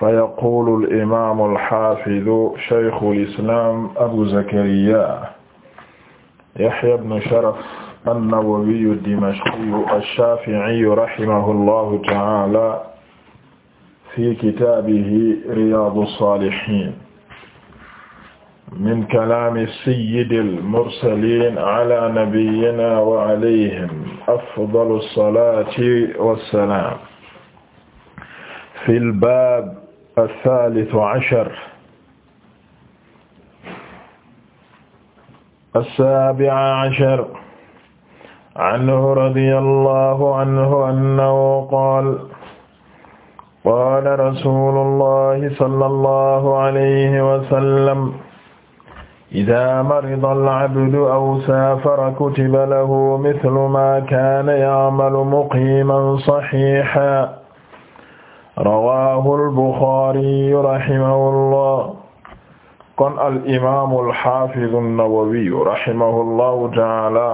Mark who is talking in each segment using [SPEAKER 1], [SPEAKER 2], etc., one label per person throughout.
[SPEAKER 1] فيقول الإمام الحافظ شيخ الإسلام أبو زكريا يحيى بن شرف النووي الدمشقي الشافعي رحمه الله تعالى في كتابه رياض الصالحين من كلام سيد المرسلين على نبينا وعليهم أفضل الصلاة والسلام في الباب asaalisu ashar asaabi'a ashar anhu radiyallahu anhu annahu qaala qaala rasuulullahi sallallahu alayhi wa sallam idaa marida al-abdu aw saafara kutiba lahu mislu maa kaana ya'malu muqiiman sahiihan rawaahu al-Buxaari rahimahullah kon al-imaam al-haafiz an-Nawawi rahimahullahu ta'aala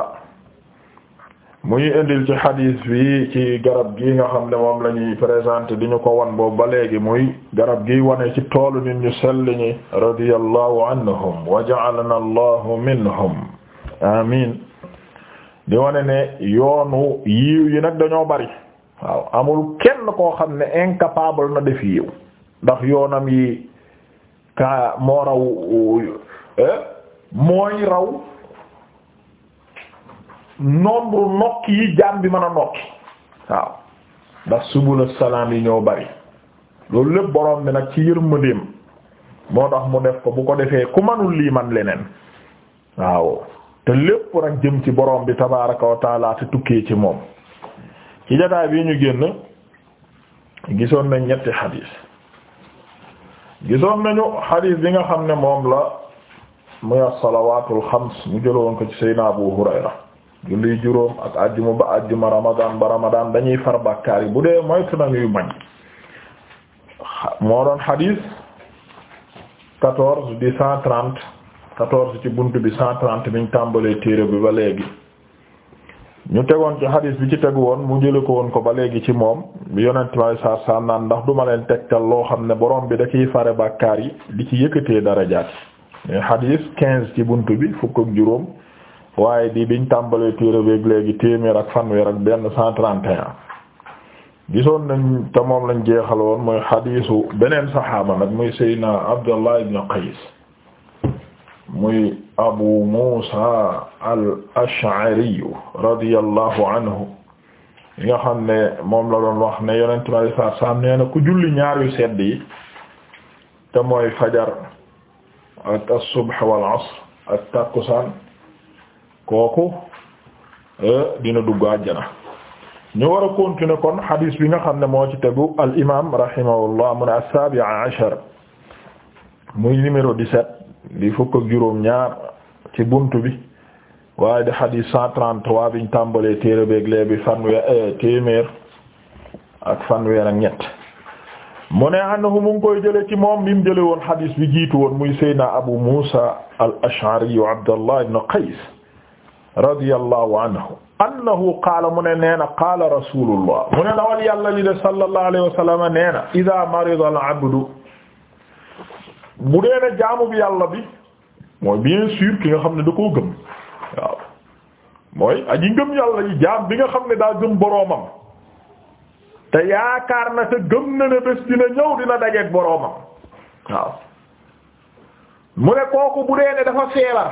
[SPEAKER 1] mu ngi indil ci xadis bi ci garab gi nga xam ne moom la ñuy présenté di ñu ko wan boobu ba léegi muy garab gi wane ci toolu nit ñu sell ñi radiyallahu anhum wa ja'alana allahu minhum amiin di wane ne yoonu yi nag dañoo bari waaw amul kenn koo xam ne incapable na def yiw ndax yoonam yi ka moo raw eh, mooy raw nombre nokki yi jaam bi mën a nokki waaw ndax subula salaam yi ñoo bari loolu lépp borom bi nag ci yërmandeem moo tax mu def ko bu ko defee ku manul lii man leneen waaw te lépp nag jëm ci borom bi tabaaraka wa te tukkee ci moom ci jotaay bi ñu génn gisoon nañ ñetti xadiis gisoon nañu xadiis bi nga xam ne moom la muy as-salawaatul xams mu jëloon ko ci Seydina Abu Hurayra julli juróom ak àjjuma ba àjjuma Ramadan ba Ramadan dañuy far bàkkaar bu dee moytu nañuy bañ moo doon xadiis quatorze di cent quatorze ci bunt bi cent trente biñ tàmbalee téere bi ba léegi ñu tegoon ci xadis bi ci tegu woon mu jële ko woon ko ba léegi ci moom yonent may saar saar naan ndax duma leen tegtal loo xam ne borom bi da ciy fare bàkkaar yi di ci yëkkatee darajaat yi xadis quinze ci bunt bi fukk ak juróom waaye di biñ tàmbalee téere beek léegi téeméer ak fanweer ak benn cent trente et un gisoon nañ te moom lañ jeexal woon mooy xadisu beneen saxaaba nag muy Seydina Abdallah ibn Qays muy abu musa al ash'ari radiyallahu anhu li nga xam ne moom la doon wax ne yonent bi alayhi salaatu ku julli ñaar yu sedd yi te mooy fajar ak subh wal asr ak takkusaan kooku e, dina dugg àjjana ñu war a continuer kon hadis bi nga xam ne moo ci tegu al imaam rahimahullah mu ne as-saabi'a ashar muy numéro 17 di fukk ak juróom ñaar ci buntu bi waaye de xadiis cent trente-trois biñ tàmbalee téere beeg lee bi fanweer eh, téeméer ak fanweer ak ñett mu ne annahu mu ngi koy jële ci moom mi mu jële woon xadiis bi jiitu woon muy Seydina Abu Muusa al-Ash'ari Abdallah ibn Qays radiyallahu anhu annahu qaala mu ne nee na qaala rasulullah mu ne dawal yàlla li de sallallahu alayhi wa sallam nee na idaa marida al-abdu bu dee ne jaamu bi yàlla bi mooy bien sûr ki nga xam ne da koo gëm waaw mooy aji ngëm yàlla jaam bi nga xam ne daa gëm boroomam te yaakaar na te gëm na bés dina ñëw dina dajeek boroomam waaw mu ne kooku bu dee ne dafa feebar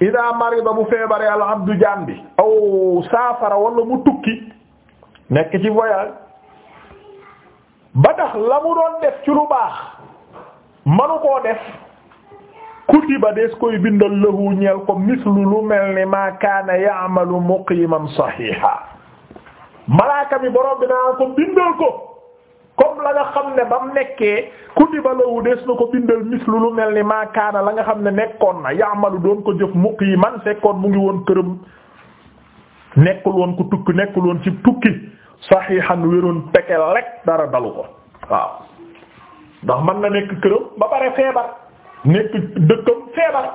[SPEAKER 1] ida marida bu feebaree al abdu jaam bi aw saafara walla mu tukki nekk ci voyage ba tax la mu doon def ci lu baax manu koo def ba des koy bindal lahu ñeel ko mislu lu mel ni ma kaana ya'malu muqiman sahiha malaaka mi borom bi naa ko bindal ko comme la nga xam ne ba mu nekkee kutiba lahu des na ko bindal mislu lu mel ni ma la nga xam ne nekkoon na ya'malu doon ko jëf muqiman fekkoon mu ngi woon këram nekkul woon ko tukki nekkul woon ci tukki sahihan wéroon pekel rek dara dalu ko waaw ndax mën na nekk këram ba pare feebar nekk dëkkam feebar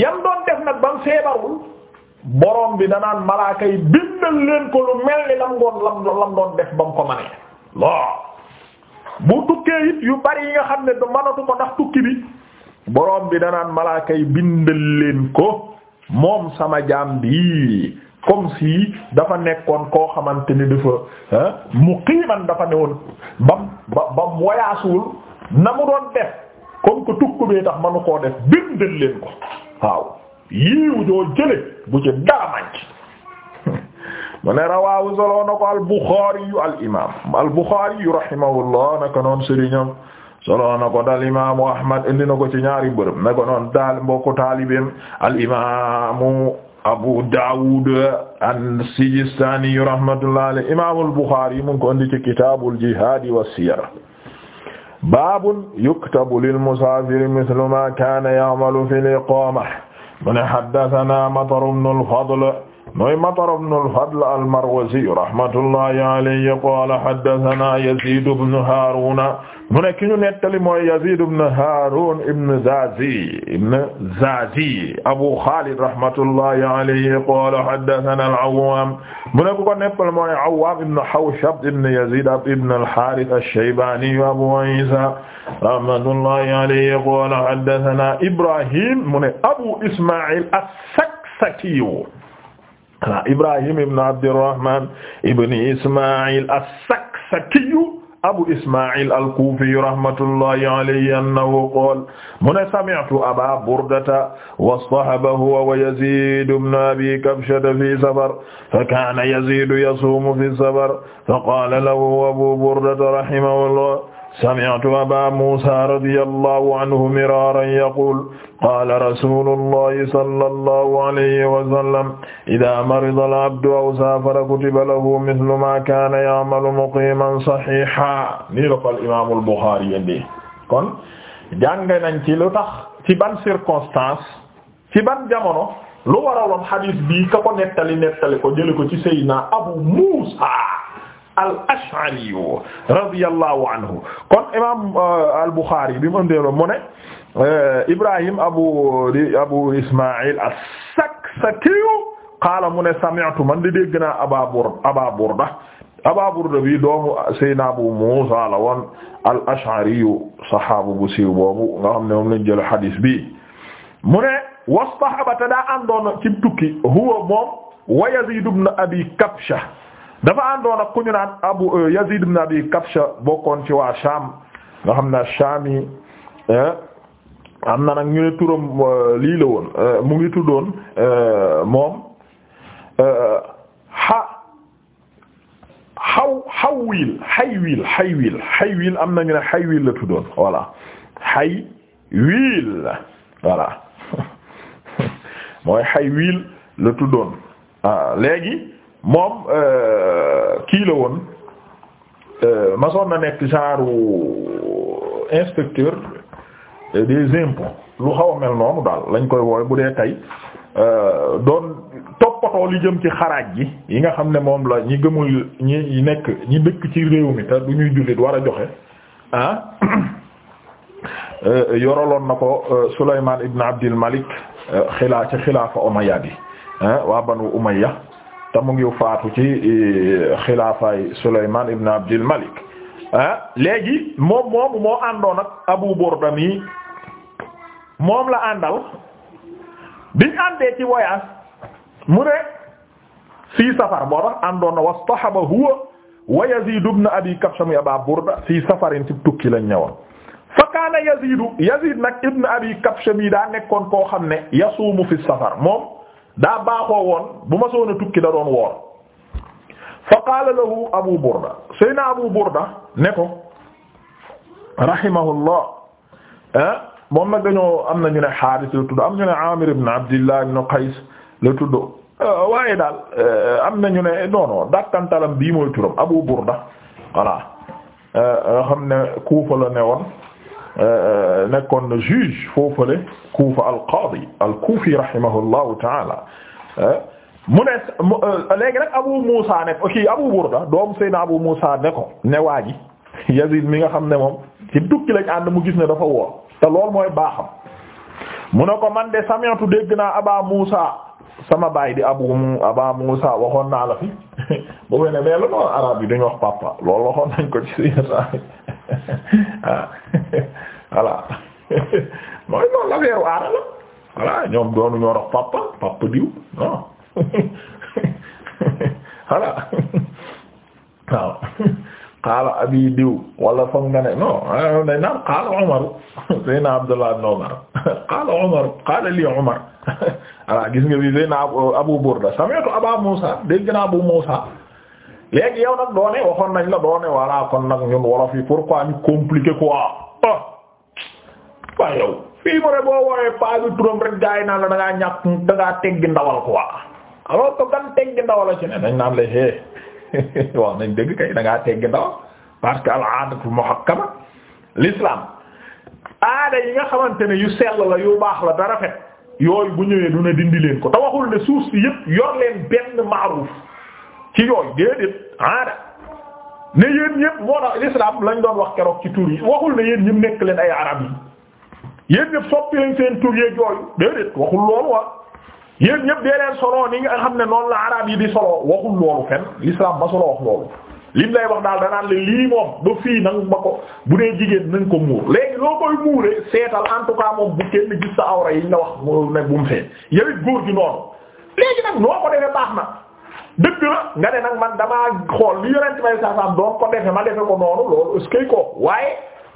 [SPEAKER 1] yam doon def nag bam feebarul borom bi danaan malaaka yi bindal leen ko lu mel ni lam ngoon lam lam doon def bam ko manee bu tukkee it yu bari yi nga xam ne du manatu ko ndax tukki bi borom bi danaan malaaka bindal leen ko moom sama jaam bi comme si dafa nekkoon koo xamante ni dafa ah dafa newoon bam ba ba moyaasuwul na mu doon def comme que tukku bee tax manu koo def bindal leen ko waaw yiiw joo jële bu ci dara manc mu ne rawaawu soloo na ko al Bukhari yu al imam al Bukhari yu rahimahullah naka noon sëriñam soloo na ko daal imaamu Ahmad indi na ko ci ñaari bërëb naka noon taalibeem al imaamu Abu Dawud an-Sijistani rahmatullahi alayhi imaamul Bukhari mu ngi ko indi ci kitaabul jihaad wa siyar baabun yuktabu lil musaafiri mislu maa kaana ya'malu fil iqaama mu ne haddathanaa Matar ibn al-Fadl mooy Matar ibn al-Fadl al-Marwazi rahmatullahi alayhi qaala haddathana Yazid ibn Harun mu ne ki ñu nettali mooy Yazid ibn Harun ibn Zazi ibn Zazi Abu Khalid rahmatullahi alayhi qaala haddathana al-Awwam mu ne ku ko nettali mooy Awwam ibn Hawshab ibn Yazid ibn al-Harith ash-Shaybani Abu Isa rahmatullahi alayhi qaala haddathana Ibrahim mu ne Abu Isma'il as-Saksakiyu voilà Ibrahim ibn Abdirrahman ibn Ismaïl as-Saksakiyu abu Ismaïl al-Kufi rahmatullahi alayhi annahu qaala mu ne sami'tu Aba Burdata wastaxaba huwa wa Yazid ibn Abi Kabshata fi safar fa kaana Yazid yasuumu fi safar fa qaala lahu Abu Burdata rahimahullah sami'tu aba musa radiyallahu anhu miraran yaqul qala rasulullahi sallallahu alayhi wa sallam idha marida al-abdu aw safara kutiba lahu mithlu ma kana ya'malu muqiman sahiha nii la ko al-imam al-Bukhari indi kon jàng nañ ci lu tax ci ban circonstance ci ban jamono lu waraloon hadith bi ka ko nettali nettali ko jële ko ci Seydina Abu Musa al-Ash'ari radiyallahu anhu kon imaam euh, al-Bukhari bi mu ëndeeloo mu ne euh, Ibrahim abu di abu Isma'il as-Saksaki qaala mu ne sami'tu man di dégg naa Aba Burda Aba Burda Aba Burda bi doomu Seydina Abu Muusa la woon al-Ash'ari saxaabu bu siiw boobu nga xam ne moom lañ jël xadiis bi mu ne wastahaba daa àndoon ci tukki huwa moom wa Yaziid ibn Abi Kabsha dafa àndoon ak ku ñu naan abu euh, yazid ibn abi kabsha bokkoon ci waa sham nga xam ne sham yi eh, am na nag ñu ne turam euh, lii la woon euh, mu ngi tuddoon moom ha xaw xawwiil xaywiil xaywiil xaywiil am na ñu ne xaywiil la tuddoon voilà xaywiil voilà mooy xaywiil la tuddoon ah, léegi moom euh, kii la woon euh, masoon na nekk genre euh, inspecteur de impôts lu xaw a mel noonu daal lañ koy wooy bu dee tey doon toppatoo li jëm ci xaraaj ji yi nga xam ne moom la ñi gëmul ñi nekk ñi dëkk ci réew mi te du ñuy jullit war a joxe ah yoraloon na ko Sulaymaan ibn Abdil Malik xilaa ci xilaafa Umayya bi waa Banu Umayya te mu ngi faatu ci e, xilaafaay Sulaymaan ibn Abdul Malik ah léegi moom moomu moo àndoon ak Abu Burda mi moom la àndal biñ àndee ci mu ne fii safar boo tax àndoon na wastahaba huwa wa Yazid ibn Abi Kabsha mi Aba Burda fii safarin ci tukki fa kaana Yazid ibn Abi Kabsha mi daa nekkoon koo xam ne fi safar moom daa baaxoo woon bu ma soon a tukki da doon woor fa qaala lahu abu burda seyna abu burda ne ko rahimahullah ah, moom nag dañoo am na ñu ne xaaris la tudd am ñu ne amir ibn abdillah ibn qays la tudd ah, waaye daal ah, am na ñu ne non non dakkantalam bii mooy turam abu burda voilà xam ne kuufa la ne woon Euh, nekkoon na juge foofale Kufa al-Qadi al-Kufi rahimahullahu ta'ala mu ne euh, léegi nag Abu Musa ne ko Abu Burda doomu Seydina Abu Musa ne ko ne waa ji Yazid mi nga xam ne moom ci dukki lañ ànd mu gis ne dafa woor te lool mooy baaxam mu ne ko man de sami'tu dégg naa Aba Musa sama baay di Abu Aba Musa waxoon naa la fi bu fene mais la noonu araab yi duñu wax papa loolu waxoon nañ ko ci ah voilà mooy noonu la weeru aada la voilà ñoom doonu ñoo dox papa diw non voilà waaw qaala abi diw wala foog nga ne non ah, day naan qaala Umar Seydina Abdullah ibn Umar qaala Umar qaala lii Umar voilà gis nga bi Seydina Abu Burda sami'tu Aba Musa dégg naa Abu Musa léegi yow nag doone waxoon nañ la doone voilà kon nag ñun wolof yi ko ñu compliqué quoi ah waa yow fii mu ne boo woowee paa turam rek gaa yi naan la da ñàkk da ngaa teggi ndawal quoi alors que gan teggi ndawal a ci ne dañ naan la hé wax nañ dëgg kay da teggi ndawal parce que al aadatu muhakkama l'islam aada yi nga xamante ne yu sell la yu baax la dara fet yooyu bu ñëwee du ne dindi leen ko te waxul ne suuf si yëpp yor leen benn maaruf ci yooyu déedéet aada ne yéen ñëpp moo tax l'islam lañ doon wax keroog ci tur yi waxul ne yéen ñëpp nekk leen ay arab yi yéen ñëpp soppi leen waxul loolu wa ñëpp dee leen solo ni nga xam ne noonu la arab yi di solo waxul loolu fenn l'islam ba solo wax loolu lim lay wax daal danaan la lii moom ba fii nag ba ko bu dee jigéen nañ ko muur léegi loo koy muure seetal en tout cas moom bu gis sa awra yi nga wax ne bu mu fee yow it góor gi noonu léegi nag noo ko defee baax na. dëgg la nga ne nag man damaa xool li yonent may saasaam doon ko defe ma defe ko noonu loolu est ko waaye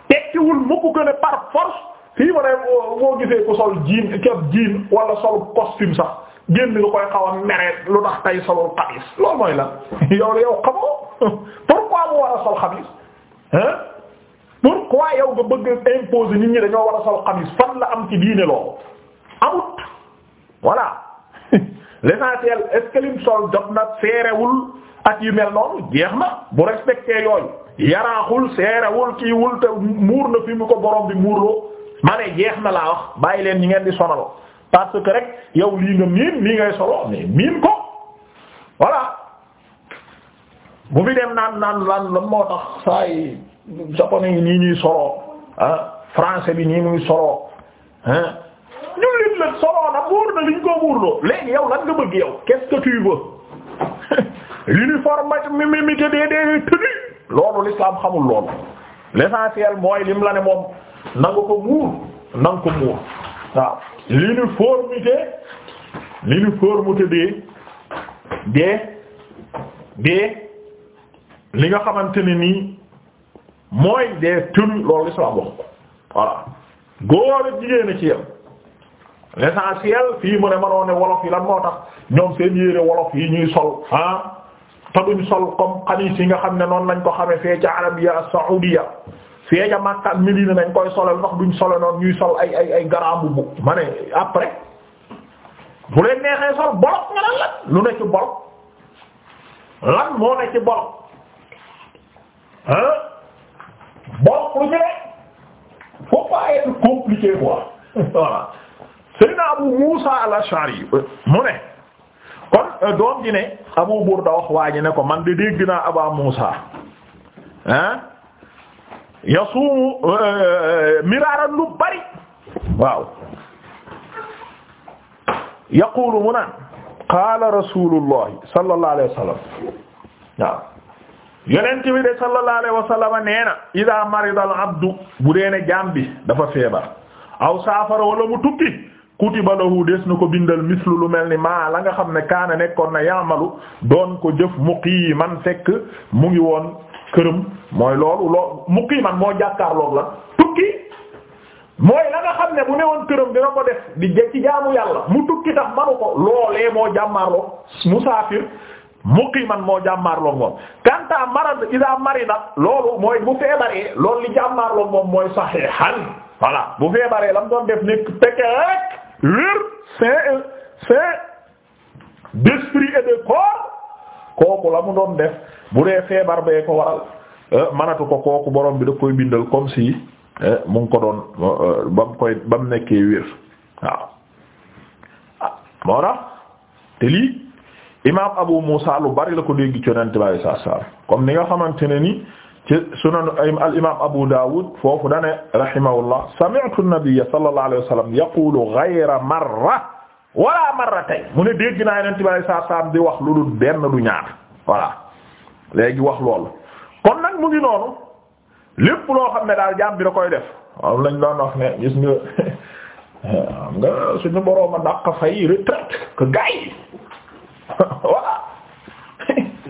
[SPEAKER 1] tekkiwul mukk ko ne par force fii ma ne boo gisee ku sol jiin képp jiin wala sol costume sax génn nga koy xaw a mere lu tax tay solul xamis loolu mooy la yow yow xamoo pourquoi mu war a sol xamis hein pourquoi yow nga bëgg imposer nit ñi dañoo war a sol xamis fan la am ci diine loolu amut voilà l'essentiel est-ce que lim sol jot na seerewul ak yu mel noonu jeex na bu respecté yooyu yaraaxul seerewul kiiwul te muur na fi mu ko borom bi muurloo ma ne jeex na laa wax bàyyi leen ñi ngeen di sonal parce que rek yow lii nga miin lii ngay solo mais miin ko voilà bu fi dem naan naan lan lan moo tax saa yi japonais nii ñuy solo ah bi nii muy solo ah jullit la soloon a muur na liñ ko muurloo léegi yow lan nga bëgg yow qu'est-ce que tu veux l'uniforme mimimité des des tenues loolu l'islam xamul loolu l'essentiel mooy lim la ne moom nanga ko muur nanga ko muur waaw l'uniformité l'uniformité des des des li nga xamante ne nii mooy des tenues loolu l'islam wax voilà góor ak jigéen a ci l'essentiel fii mu ne mënoo ne wolof yi lan moo tax ñoom seen yére wolof yi ñuy sol ah te duñ sol comme xamis yi nga xam ne noonu nañ ko xamee fee ca Arabia Saoudia fee ca Makka ak nañ koy solal ndax duñ solo noonu ñuy sol ay ay ay garambu bu ma ne après bu leen neexee sol bolok nga lan lan lu ne ci lan moo ne ci bolok ah lu ne faut pas être compliqué quoi voilà. Seydina Abu Musa al-Ash'ari mu ne kon euh, doom ji ne Abu Burda wax waa ji ne ko man de dégg naa Aba Musa ah yasuumu euh, miraaran lu bari waaw yaqulu mu naan qaala rasulullahi sallallahu alayhi wa sallam waaw yonent bi de sallallahu alayhi wa sallam nee na idaa marida al abdu bu dee ne jaam bi dafa feebar aw saafara wala mu tukki kutiba lahu des na ko bindal mislu lu mel ni maa la nga xam ne kaana nekkoon na yaamalu doon ko jëf man fekk mu ngi woon këram mooy loolu lool man moo jàkkaarloog la tukki mooy la nga xam ne bu newoon këram dina ko def di ci jaamu yàlla mu tukki tax manu ko loolee moo jàmmaarloog musaafir man moo jàmmaarloog moom kanta marad ida marida loolu mooy bu feebaree loolu li jàmmaarloog moom mooy saxihan voilà bu feebaree la mu l'heure c'est c'est d'esprit et de corps kooku la mu doon def bu dee feebar bee ko waral euh, manatu ko kooku borom bi da koy bindal comme si euh, mu ngi ko doon euh, ba mu koy ba mu nekkee wér waaw ah, moo tax te lii imaam Abu Muusa lu bari la ko dégg ci Yonent bi comme ni nga xamante ne ni ci sunan al imam Abu Dawud foofu dane rahimahullah sami'tu an-nabiyya sallallahu alayhi wa sallam yaqulu wala marratayn mu ne dégg naa yonent bi sallallahu di wax lu dul benn du ñaar voilà léegi wax loolu kon nag mu ngi noonu lépp loo xam ne daal jaam bi koy def waaw lañ doon wax ne gis nga xam nga suñu borooma dàq fay retraite que gars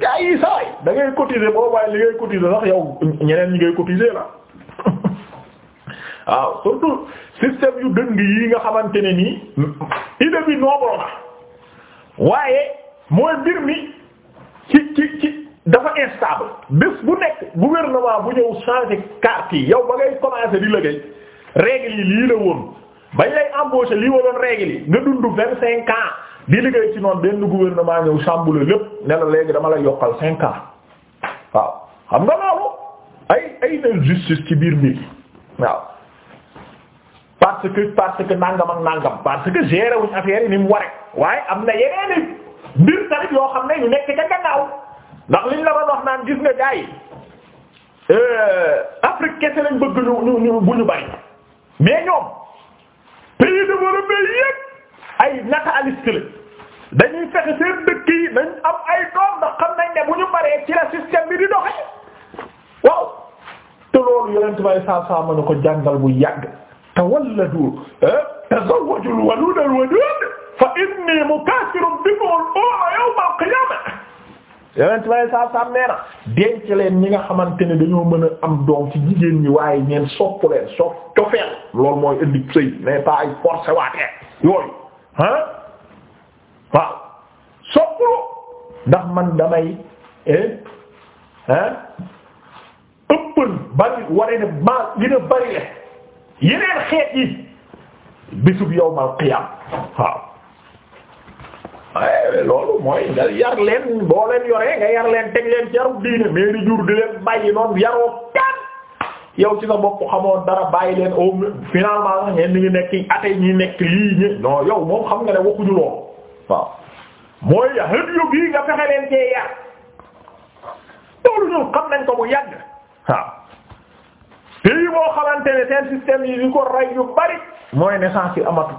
[SPEAKER 1] gaa da ngay cotiser boo waaye li ngay cotiser sax yow ñeneen ñi ngay cotiser la waaw surtout système yu dëng yi nga xamante ne nii idée bi nooboo na waaye mooy mbir mi ci ci ci dafa instable bés bu nekk gouvernement bu ñëw changer carte yi yow ba commencer di liggéey règles yi lii la woon bañ lay lii waroon règles nga dund vingt cinq di liggéey ci noonu benn gouvernement ñëw chamboulé lépp ne la léegi dama lay yokkal cinq ans waaw xam nga loolu ay ay na justice ci biir mbir waaw parce que parce que nangam ak nangam parce que gérer wuñ ni mu ware waaye am na yeneen i mbir tamit yoo xam ne ñu nekk ca gannaaw ndax liñ la ba wax naan gis nga gars yi euh, Afrique kese lañ bëgg ñu ñu ñu bu ñu bari mais ñoom pays ay nataliste la dañuy fexe seen yi dañ am ay doom ndax xam nañ ne bu ñu paree ci la système bi di doxe waaw te loolu yonent bay saa saa mën na ko jàngal bu yàgg tawalladu eh, tazawwajul waludal wadud fa inni mukathirun bikum al-umma yawm al-qiyamah yonent bay saa saa nee na leen ñi nga xamante ne dañoo mën a am doom ci jigéen ñi waaye ñeen sopp leen sopp cofeel loolu mooy indi sëy mais pas ay forcé waatee yooyu ah waaw soppu ndax man damay ah ëppal bari waree ne maa gën a bari le yeneen xeet yi bisub yawmal qiyaam waaw ay loolu mooy nga yar leen boo leen yoree nga yar leen teg leen ci yaru diine mais di jur di leen bàyyi noonu yaroo yow ci sa bopp xamoon dara bàyyi leen au finalement sax ñenn ñi nekk ate ñi nekk lii ñi non yow moom xam nga ne waxuñu lool waaw mooy xët yu bii nga fexe leen cee yar loolu xam nañ ko bu yàgg waaw pays boo xamante ne seen yi ni ko rey yu bari mooy naissance yi amatu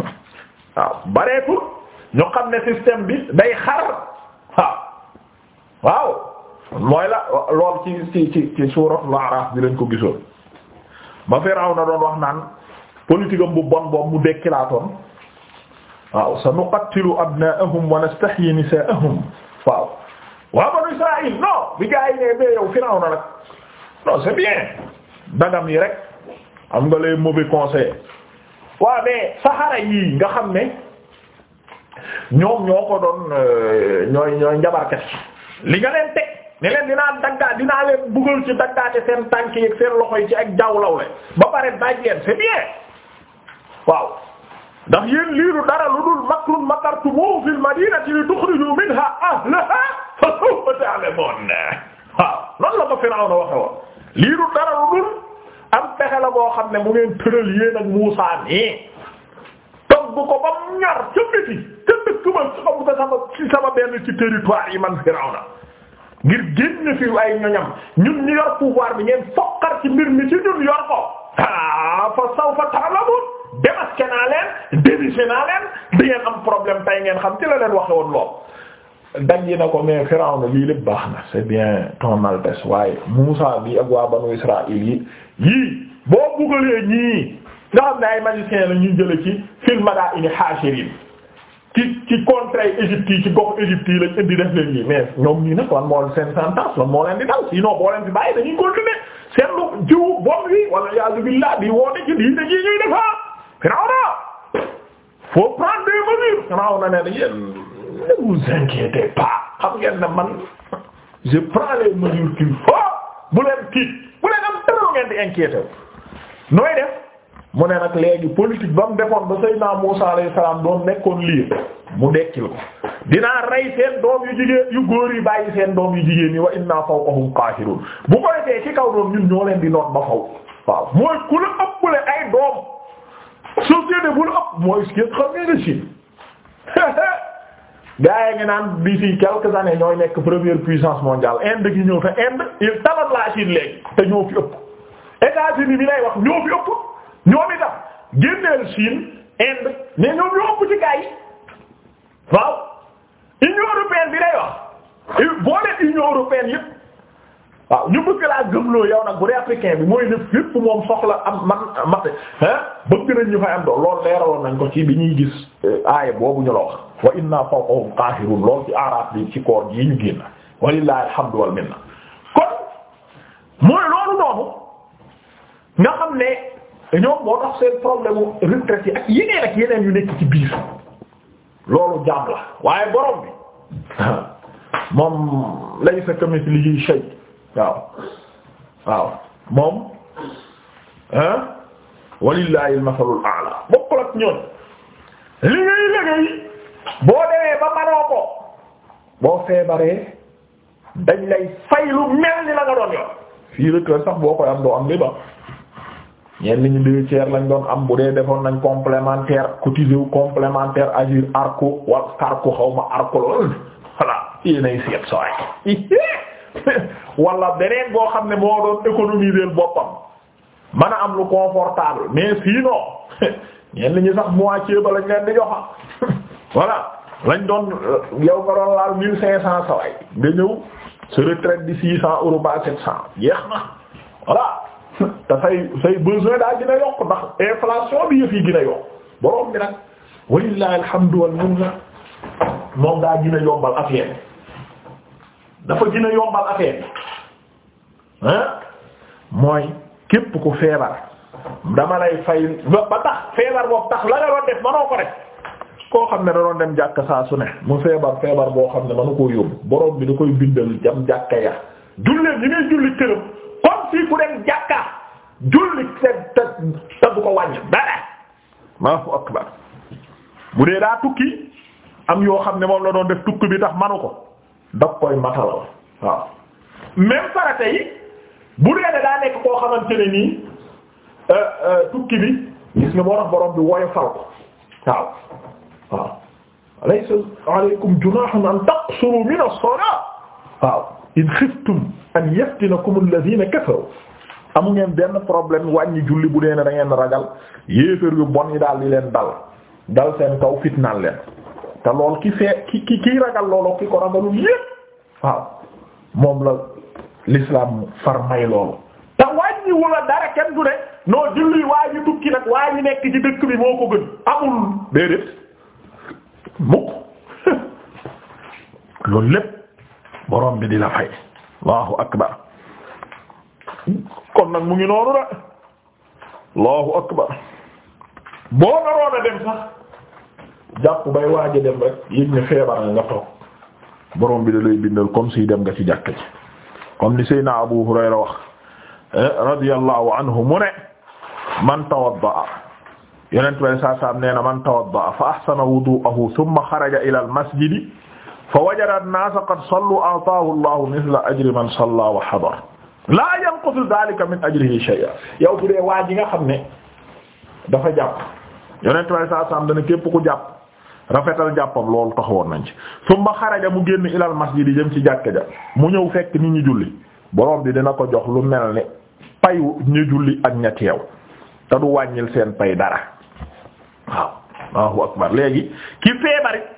[SPEAKER 1] waaw bareetul ñu xam ne système bi day xar waaw mooy la lool ci ci ci ci suuratul di lañ ko gisoon ba Firawna doon wax naan politique am bu bon boobu mu dekkilaatoon waaw sa nuqattilu abnaa'ahum wa nastahyi nisaa'ahum waaw waa banu Israaïl non bi gaa yi ne bee yow Firawna nag non c'est bien dagam yi rek am nga les mauvais conseils waaw mais saxara yii nga xam ne ñoom ñoo ko doon euh, ñooy ñooy njabarkat li nga leen teg ne leen dinaa daggaa dinaa leen buggal ci daggaate seen tànk yi seen loxo yi ci ak jawlaw le ba pare daaj leen bien waaw ndax yéen liiru dara lu dul makrun makartumuhu fil madinati li tukhriju minha ahlaha fa sawfa ta'lamun waaw loolu la ko Firawna waxe woon liiru dara lu dul am pexe la boo xam ne mu ngeen tëral yéen ak Muusa nii togg ko ba mu ñor ca biti ca dëkk sama benn ci territoire yi man Firawna ngir génn fi ay ñoñam ñun ñu yor pouvoir bi ngeen foqar ci mbir mi ci ñun yor ah fa sawfa ta'lamun démasqué naa leen dévisé naa leen di ngeen am problème tay ngeen xam ci la leen waxe woon lool. daj yi na ko mais Firawna lii lépp baax na c'est bien ton malbès waaye Muusaa bi ak waa banu Israël yi yii boo buggalee ñii nga xam ne ay magiciens la jële ci fil madaa'ini haashirin ci ci contrée Égypte yi ci gox Égypte yi lañ indi def leen nii mais ñoom ñii nag wan moo seen sentence la moo leen di dal sinon boo leen fi bàyyi dañuy continuer seen lu jiwu bon wi wala yaasu billah di woote ci diine ji ñuy defa ah! Firawna faut prendre des mesures Firawna ne yéen ne vous inquiétez pas xam ngeen ne man je prends les mesures qu'il faut bu leen tiit bu leen am dara ngeen di inquiéter nooy def mu ne nag léegi politique ba mu defoon ba naa Muusaa alayhi salaam doon nekkoon lii mu dekkil ko dinaa rey seen doom yu jigéen yu góor yi bàyyi seen doom yu jigéen yi wa innaa fawqahum qaahiruun bu ko defee ci kaw doon ñun ñoo leen di noot ba faw waaw mooy ku la ëppale ay doom société bu la ëpp mooy ce que xam nga ne Chine gars yi nga naan d'ici quelques années ñooy nekk première puissance mondial Inde gi ñëw te Inde il talal la Chine léegi te ñoo fi ëpp. ñoom itam génneel Chine Inde mais ñoom ñoo ëpp ci gaa waaw Union européenne bi day wax boole Union européenne yëpp waaw ñu bëgg laa gëmloo yow nag bu dee africain bi mooy lépp yëpp moom soxla am man mat ah bëgg nañ ñu am doon loolu leeraloon nañ ko ci bi ñuy gis euh, aaya boobu ñu la wax wa inna fawqahum qahirun lool ci aaraaf bi ci koor gi ñu génn walillahi alhamdu wal minna kon mooy loolu noonu nga xam ne. ñoom moo tax seen problème u retraite yi ak yeneen ak yeneen yu nekk ci biir loolu jaam la waaye borom bi moom laysa kamithlihi shay waaw waaw moom ah walillahi al-masalul a'la bokkul ak ñoom li ngay liggéey boo demee ba manoo ko boo feebaree dañ lay lu mel la nga doon yor fii retraite sax boo koy am doo ñenn ñi deux tiers lañ doon am bu dee defoon nañ complémentaire cotisé wu complémentaire agir arco wal carco xaw ma arco lool voilà yéenay seet sooy wala beneen boo xam ne moo doon économiser boppam mën a am lu confortable mais sinon ñenn ñi sax moitié ba lañ leen di joxa voilà lañ doon euh, yow nga doon laal mille cinq cent saway nga ñëw sa retraite di six cent euros ba sept cent jeex na voilà te say say besoin daa gën a yokk ndax inflation bi yëf yi gën a yokk borom bi nag walillahi alhamdu wal minna moom daa gën a yombal affaire dafa gën yombal affaire ah mooy képp ku feebar dama lay fay ba tax feebar boobu tax la nga doon manoo ko rek koo xam ne da doon dem jàkka saa su ne mu feebar feebar boo xam ne manu koo yóbbu borom bi da koy bindal jam jàkka ya julleen ñi ngay julli tërëm comme fii ku dem jàkka julli te te te ko wàññi dara Allahu akbar bu dee daa tukki am yoo xam ne moom la doon def tukki bi tax manu ko daf koy matalal waaw même farata yi bu dee daa nekk koo xamante ne nii euh, euh, tukki bi gis nga moo tax borom bi woyofal ko waaw waaw alaysa alaykum junahun an taqsuru min as-salat waaw in khiftum an yaftinakum alladhina kafaru amu ngeen benn problème wàññi julli bu dee ne da ngeen ragal yéefar yu bon yi daal di leen dal dal seen kaw fitnaan leen te lool ki fee ki ki ragal looloo ki ko ragalul yépp waaw moom la l'islam far may loolu te wàññi wala dara kenn du ne noo julli waa ji tukki nag waa ji nekk ci dëkk bi moo ko gën amul déedéet mukk loolu lépp borom bi di la fay allahu akbar kon nag mu ngi noonu la allahu akbar boo naroon a dem sax jàpp bay waaja dem rek yëg ne feebar nga nga toog borom bi da lay bindal comme si dem nga ci jàkk ci comme ni Seydina Abu Hurayra wax eh, radiyallahu anhu mu ne man tawaddaa yonent bay saa saam nee na man tawaddaa fa ahsana wudu'ahu thumma xaraja ila al masjidi fa wajada an-naasa qad sallu ataahu Allahu mithla ajri man salla wa hadara laa yanqusu dhaalika min ajrihi shay'a yow waa ji nga xam ne dafa jàpp yonent way saa saam dana képp ku jàpp rafetal jàppam loolu taxawoon nañ ci summa xaraja mu génn ilal masjid yi jëm ci jàkka mu ñëw fekk nit ñu julli borom bi dina ko jox lu mel ni payu ñu julli ak ña teew te du wàññil seen pay dara waaw Allahu akbar léegi ki feebar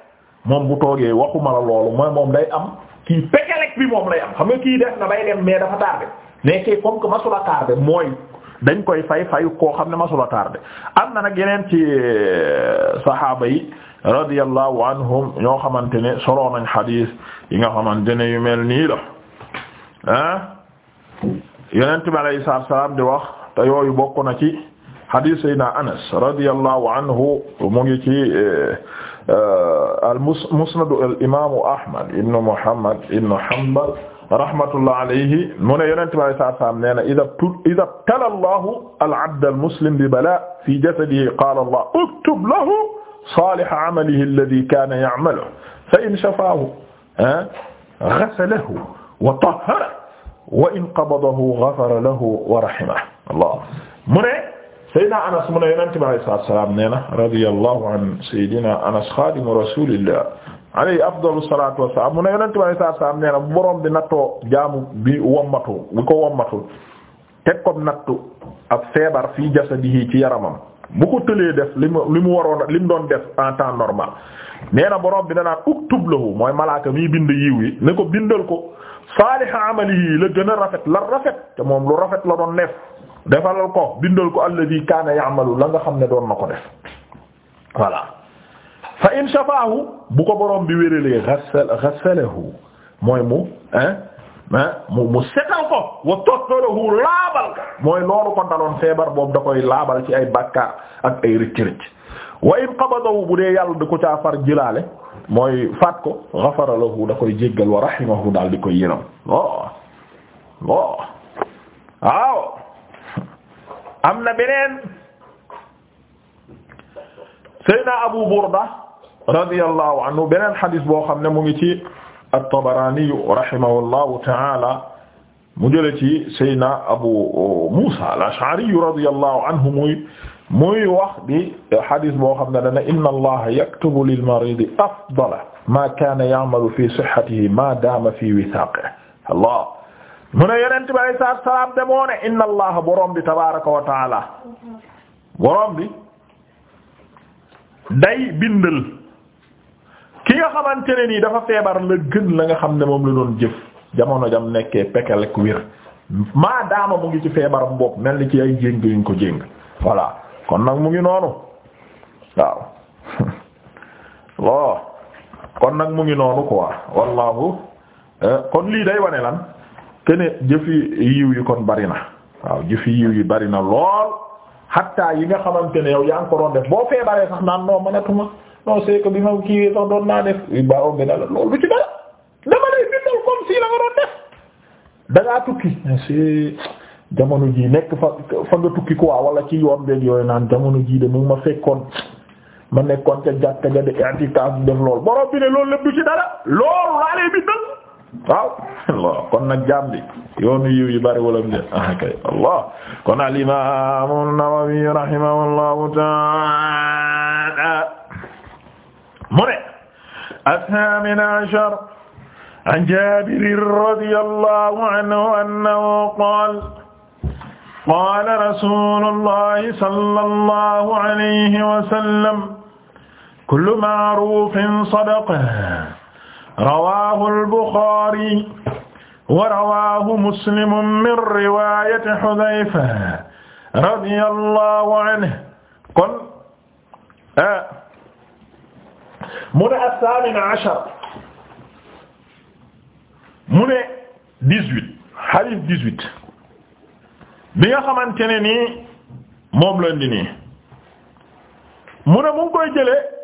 [SPEAKER 1] moom bu toogee waxuma la loolu mooy moom day am kii pekelek bi moom lay am xam nga kii def na bay dem mais dafa tardé mais kii comme que masula tardé mooy dañ koy fay fayu koo xam ne masula tardé am na nag geneen ci euh, saxaaba yi radiyallahu anhum ñoo xamante ne solo nañ xadiis yi nga xamante ne yu mel nii la ah yeneen bi alayhi salaam di wax te yooyu bokk na ci xadiis Seydina Anas radiyallahu anhu mu ngi ci euh, Euh, al musnad al imaamu Ahmad ibn Muhammad ibn Hanbal rahmatullah alayhi mu ne yonent bi alayhi salaatu salaam nee na iza ibtala Allahu al abd al muslim bi balaa fi jasadihi qaala Allah uktub lahu saaliha amalihi alladhi kaana ya'maluhu fa in shafaahu ghasalahu wa tahharahu wa in qabadahu ghafara lahu wa rahimahu Allah mu ne Seydina Anas mu ne Yonent bi alayhi salaam nee na an Seydina Anas xaadimu rasuulillah alayhi afdalu salaatu wa salaam mu ne Yonent bi alayhi salaatu wa salaam nee na bu boroom bi nattoo jaamu bi wommatu bi ko wommatu teg ko nattu ab feebar fii jasadihi ci yaramam bu ko tëlee def li mu li mu waroon li mu doon def en temps normal nee na boroom bi danaa uktub lahu mooy malaaka miy bind yiw yi ne ko bindal ko saaliha amalihi la gën a rafet la rafet te moom lu rafet la doon neef. defalal ko bindal ko alladi kaana ya'malu la nga xam ne doon na ko def voilà fa in shafaahu bu ko borom bi wéralee ghassal ghasalahu mooy mu mu setal ko wa tottalahu laabal mooy loolu ko daloon feebar boobu da koy laabal ci ay bàkkaar ak ay rëcc rëcc wa in qabadahu bu dee yàlla da ko caa far jëlaale mooy faat ko ghafara lahu da koy jéggal wa rahimahu daal di koy yëram waaw waaw. am na beneen Seydina Abu Burda radiyallahu anhu beneen xadis boo xam ne mu ngi ci at-Tabarani rahimahullahu ta'ala mu jële ci Seydina Abu Musa al-Ash'ari radiyallahu anhu muy muy wax di xadis boo xam ne dana inna Allaha yaktubu lil maridi afdala ma kana ya'malu fi sihhatihi ma dama fi withaqihi Allah mu ne yonent bi alayhi salaatu salaam de ne inna allah borom bi tabaaraka wa taala bi day bindal ki nga xamante ne nii dafa feebar la gën la nga xam ne moom la doon jëf jamono jam nekkee pekel ak wér maa daama mu ngi ci feebaram bopp mel ni ci ay jéng yuñ ko jéng voilà kon nag mu ngi noonu waaw loo kon nag mu ngi noonu quoi wallaahu eh, kon lii day wane lan. kene jëfi yiw yi kon bari na waaw jëfi yiw yi bari na lool hatta yi nga xamante ne yow yaa ngi ko doon def boo feebaree sax naan non manatuma non c'est bi ma kii sax doon naa def ba ombe na nekk fa tukki quoi wala ci yoon beeg yooyu naan jamono ji de ma fekkoon ma nekkoon ca jàkka ja de i'tikaf lool du ci dara loolu laa lay bindal waaw Allah kon nag jaam bi yoonu yiw yi bari wala de akay ah, Allah kon al imam an-Nawawi rahimahullahu ta'ala mu ne as-samin ashar an Jabir radiyallahu anhu annahu qala qala rasulullahi sallallahu alayhi wa sallam kullu ma'rufin sadaqah rawaahu al-Buxaari wa rawaahu Muslim min riwaayati Hudayfa radiyallahu anhu kon eh, mu ne as-saamin ashar mu ne dix-huit hadith dix-huit bi nga xamante ne nii moom la indi nii mu ne mu ngi koy jëlee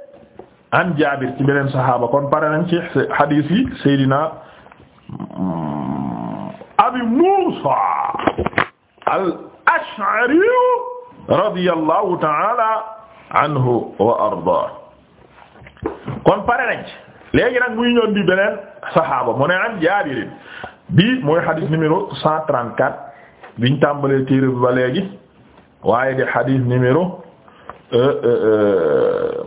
[SPEAKER 1] an Jaabir ci beneen saxaaba kon pare nañ ci xadiis yi Seydina Abi Muusa al-Ash'ari radiyallahu ta'ala anhu wa ardaa kon pare nañ ci léegi nag muy ñoon di beneen saxaaba mu ne an Jaabir bi mooy xadiis numéro 134 biñ tàmbalee téere bi ba léegi waaye di xadiis numéro euh, euh, euh,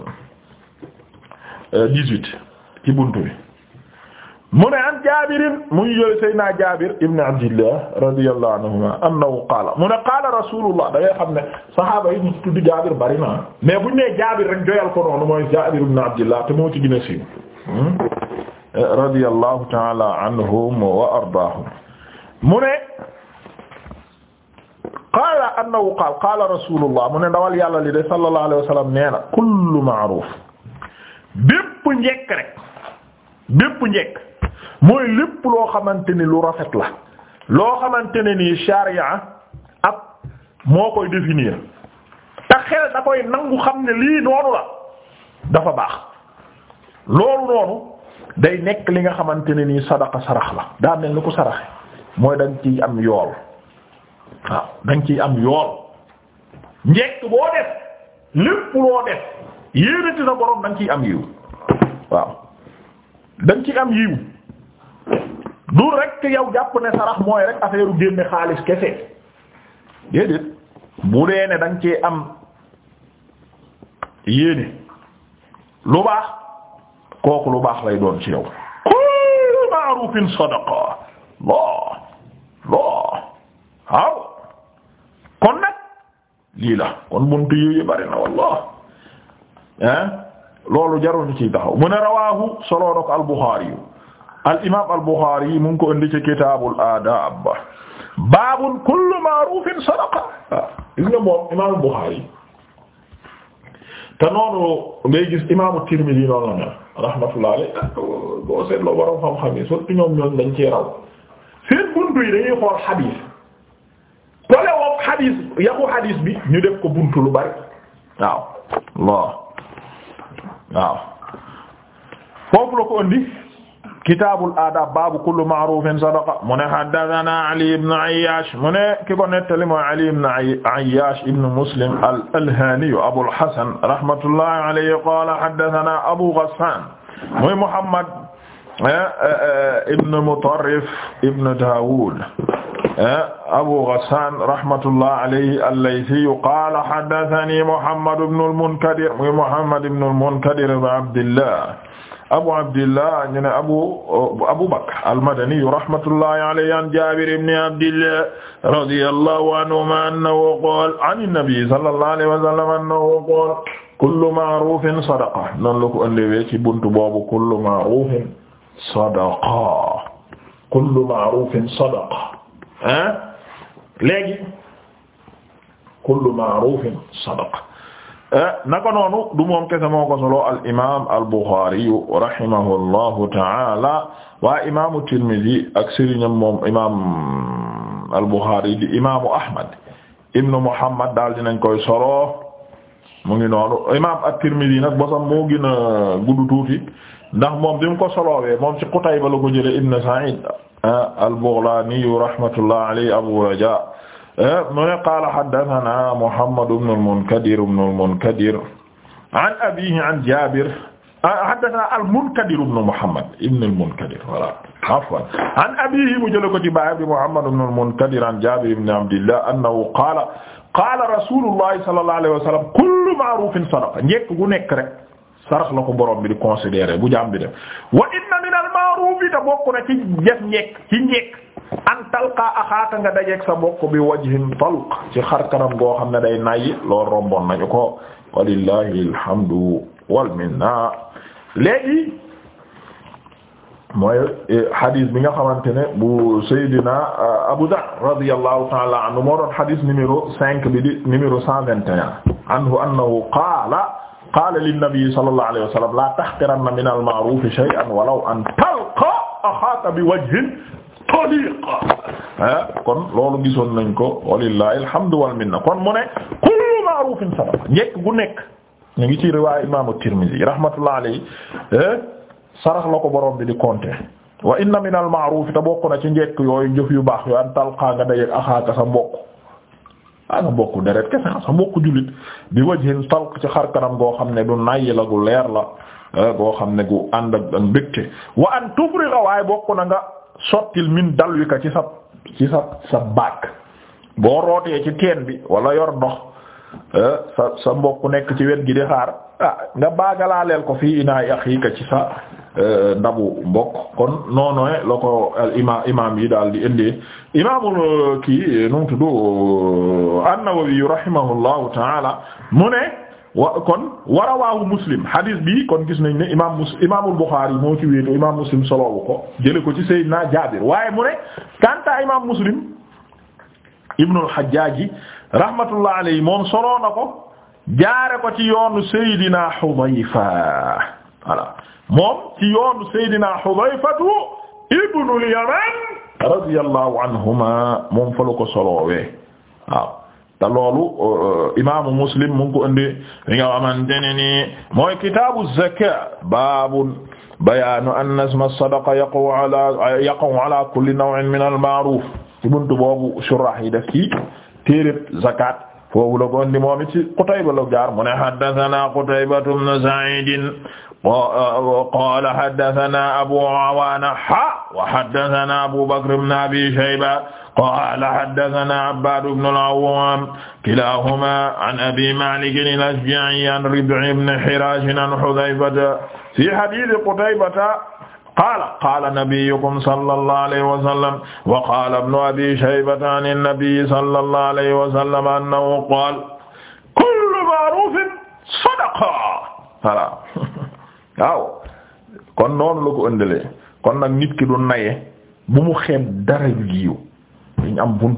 [SPEAKER 1] dix-huit ci buntu bi mu ne an jaabirin mu ngi jëlee Seydina Jaabir ibn Abdillah radiyallahu anhuma annahu qaala mu ne qaala rasulullah da ngay xam ne saxaaba yi bu ñu nee Jaabir rek doyal ko noonu mooy Jaabir ibn Abdillah te moo ci gën a siiw radiyallahu ta'ala anhum wa ardaahum mu ne qaala annahu qaala qaala rasulullah mu ne ndawal yàlla li de sallallahu alayhi bépp njekk rek bépp njekk mooy lépp loo xamante ni lu rafet la loo xamante ne nii charia ab moo koy définir tax xel da koy nangu xam ne lii noonu la dafa baax loolu noonu day nekk li nga xamante ne nii sadaqa sarax la daa mel ni ko saraxe mooy dañ ciy am yool waaw dañ ciy am yool njekk boo def lépp loo def yéenati sa borom da nga ciy am yiw waaw da nga am yiw du rek yow jàpp ne sarax mooy rek affaire u génne xaalis kese déedéet bu dee ne da nga am yéene lu baax kooku lu baax lay doon ci yow kullu ma'rufin sadaqa loo loo waaw kon nag lii la kon buntu yi bari na wallah loolu jarul ci taxaw mu ne rawaahu solo na al-Bukhari al imaam al-Bukhari mu ngi ko indi ci kitaabul aadaab baabun kullu ma'ruufin sadaqa waaw gis moom imaam al-Bukhari te noonu ngay gis imaamu Tirmidhi noonu la rahmatullah alayhi boo seetloo borom xam-xam yi surtout ñoom ñoom dañ ci raw seen buntu yi dañuy xool xadiis tole woog xadiis bi ñu def ko buntu lu bari waaw waaw foofu la ko indi kitaabul adab baabu kullu ma'rufin sadaqa mu ne haddathana ali ibn ayyash mu ne ki ko nettali mooy ali ibn ayyash ibn muslim al alhani abul hasan rahmatullahi alayhi qala haddathana abu ghassan mooy muhammad eh, eh, eh, ibn mutarrif ibn daawud Eh, Abu Ghassan rahmatullah alayhi al-Laythi qaala haddathani Muhammad ibn al-Munkadir muy Muhammad ibn al-Munkadir Abu Abdillah Abu Abdillah ñu ne Abu Abu Bakr al-Madani rahmatullahi alayhi an Jabir ibn Abdillah radiyallahu anhuma annahu qaala an an-nabi sallallahu alayhi wa sallam annahu qaala kullu ma'rufin sadaqa noonu la ko ëndewee ci buntu boobu kullu ma'rufin sadaqa kullu ma'rufin sadaqa ah léegi kullu ma'rufin sadaqa naka noonu du moom kese moo ko solo al imaam al Bukhari rahimahullahu ta'ala wa imaamu Tirmidhi ak sëriñam moom imaam al Bukhari di imaamu Ahmad ibn Muhammad daal dinañ koy solo mu ngi noonu imaam at-Tirmidhi nag bosam moo gën a gudd tuuti ndax moom bi mu ko solowee moom ci Qutayba la ko jëlee ibn Sa'id Ah, al-Baghlani rahmatullah alayhi Abu Raja eh, mu ne qaala haddathana Muhammad ibn al-Munkadir ibn al-Munkadir an abiihi an Jaabir ah, haddathana al-Munkadir ibn Muhammad ibn al-Munkadir voilà afwan an abiihi mu jëlee ko ci baayam di Muhammad ibn al-Munkadir an Jaabir ibn Abdillah annahu qaala qaala rasuulullahi sallallahu alayhi wa sallam kullu ma'ruufin sadaqa njëkk gu nekk rek sarax la ko borom bi di considérer bu jaam bi def wa inna ma'ruf bi te bokk na ci def njekk ci njekk an talqa axaaka nga dajeek sa bokk bi wajhin talq ci xar kanam goo xam ne day nay loolu romboon nañu ko walillahi alhamdu wal minna léegi mooy hadith eh, bi nga xamante ne bu Seydina eh, Abu Dharr radiyallahu ta'ala anhu moo doon hadith numéro cinq bi qaala linnabi sallallahu alayhi wa sallam la tahqiranna min al-ma'ruf shay'an walaw an talqa axaaka bi wajhin taliq kon loolu gisoon nañ ko walillahi alhamdu wal minna kon mu ne kullu ma'rufin sadaqa njekk gu nekk ñu ngi ci riwaaya imam at-Tirmidhi rahmatullahi alayhi sarax la ko borom bi di compter wa inna min al-ma'ruf te bokk na ci njekk yooyu jëf yu baax yoo an talqa nga dajeek axaaka sa mbokk ah nga bokk deret kese nga sa bokk jullit bi wajhin talq ci xar kanam goo xam ne du nayi la gu leer la eh, goo xam ne gu ànd ak mbégte wa an tufriqa waaye bokk na nga sottil min wi ko ci sa ci sa sa baak boo rootee ci teen bi wala yor ndox eh, sa sa mbokk nekk ci wet gi di xaar ah nga baagalaaleel ko fii inaa axiika ci sa Euh, dabu mbokk kon noonu la ko al imaam imaam yi daal di indi imaamul euh, kii euh, nu mu taala mu kon warawaahu muslim hadith bi kon gis nañ ne imaam mus imaamul Bukhari moo ci wéetu imaam muslim soloowu ko jëlee Seydina Jaabir waaye mu kanta imaam muslim Ibnul Hajjaaji rahmatullah alayhi moom soloo jaare ko ci yoonu Seydina Hudayfa moom ci yoonu Seydina Hudayfatu ibnul Yaman radiyallahu anhuma moom fa la ko solowee waaw te loolu euh, imaamu Muslim mu ngi ko indi li nga xamante ne nii mooy kitaabu zaka baabun bayaanu anna isma sadaqa yaqa'u ala yaqa'u ala kulli naw'in min al-ma'ruf ci buntu boobu shurah yi def ci téereb zakat foofu la ko indi moom it ci Qutayba la jaar mu ne haddathana Qutayba ibn Sa'id qala haddathana Abu Awana ha wa haddathana Abu Bakr ibn Abi Shayba qala haddathana Abbad ibn al-Awwam kilahuma an Abi Malik al-Ashja'i an Rib'i ibn Hirash an Hudhayfa fi hadith Qutaybata qaala qaala nabiyukum wa sallam wa abi shaybata an nabi sallallahu alayhi waaw kon noonu la ko ëndalee kon nag nit ki du naye bu mu xeeb dara yu yiw dañ am bunt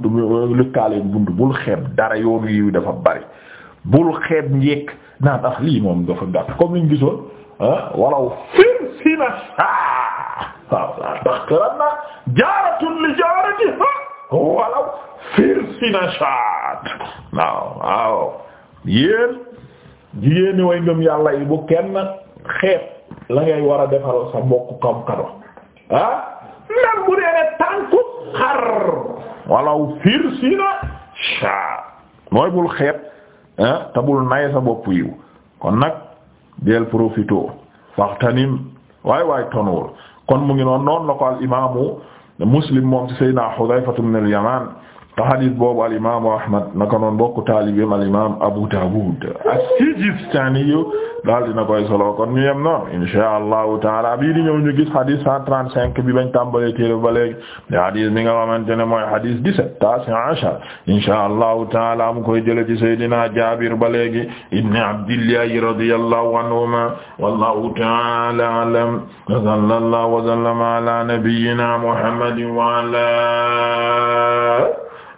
[SPEAKER 1] lëkkaale bunt bul xeeb dara yoonu yiw dafa bari bul xeeb njekk naa tax ah, lii moom dafa gàtt comme liñ gisoon ah, walaw fir waaw laa taxqiranna jaaratun li jaaratiha walaw firsina shaat waaw waaw yéen jigéen way ngëm yàlla yi bu kenn xeet la ngay war a defal sa mbokk kam kado ah nan bu dee ne tànku xar walaw firsina shaat mooy bul xeeb ah nay sa bopp yiw kon nag del profito faxtanim waay waay tonuwul kon mu ngi noonu noonu la ko al imaamu muslim moom ci sayyidina Hudayfa ibn al-Yaman te xadis boobu al imaamu Ahmad naka noonu bokk taalibeem al imaam Abu Dawud as-Sijistaani yu daal dina koy solo kon ñu yem noonu inshaa Allahu taala bii di ñëw ñu gis xadis cent trente cinq bi bañ tàmbalee téere ba léegi ne xadis bi nga xamante ne mooy xadis dix-sept tasi achar inshaa Allahu taala mu koy jële ci Seydina Jaabir ba a ibn Abdillahi radiyallahu anhuma wallahu taala a'lam wa sallallahu wa sallama ala nabiyyina Muhammadin wa ala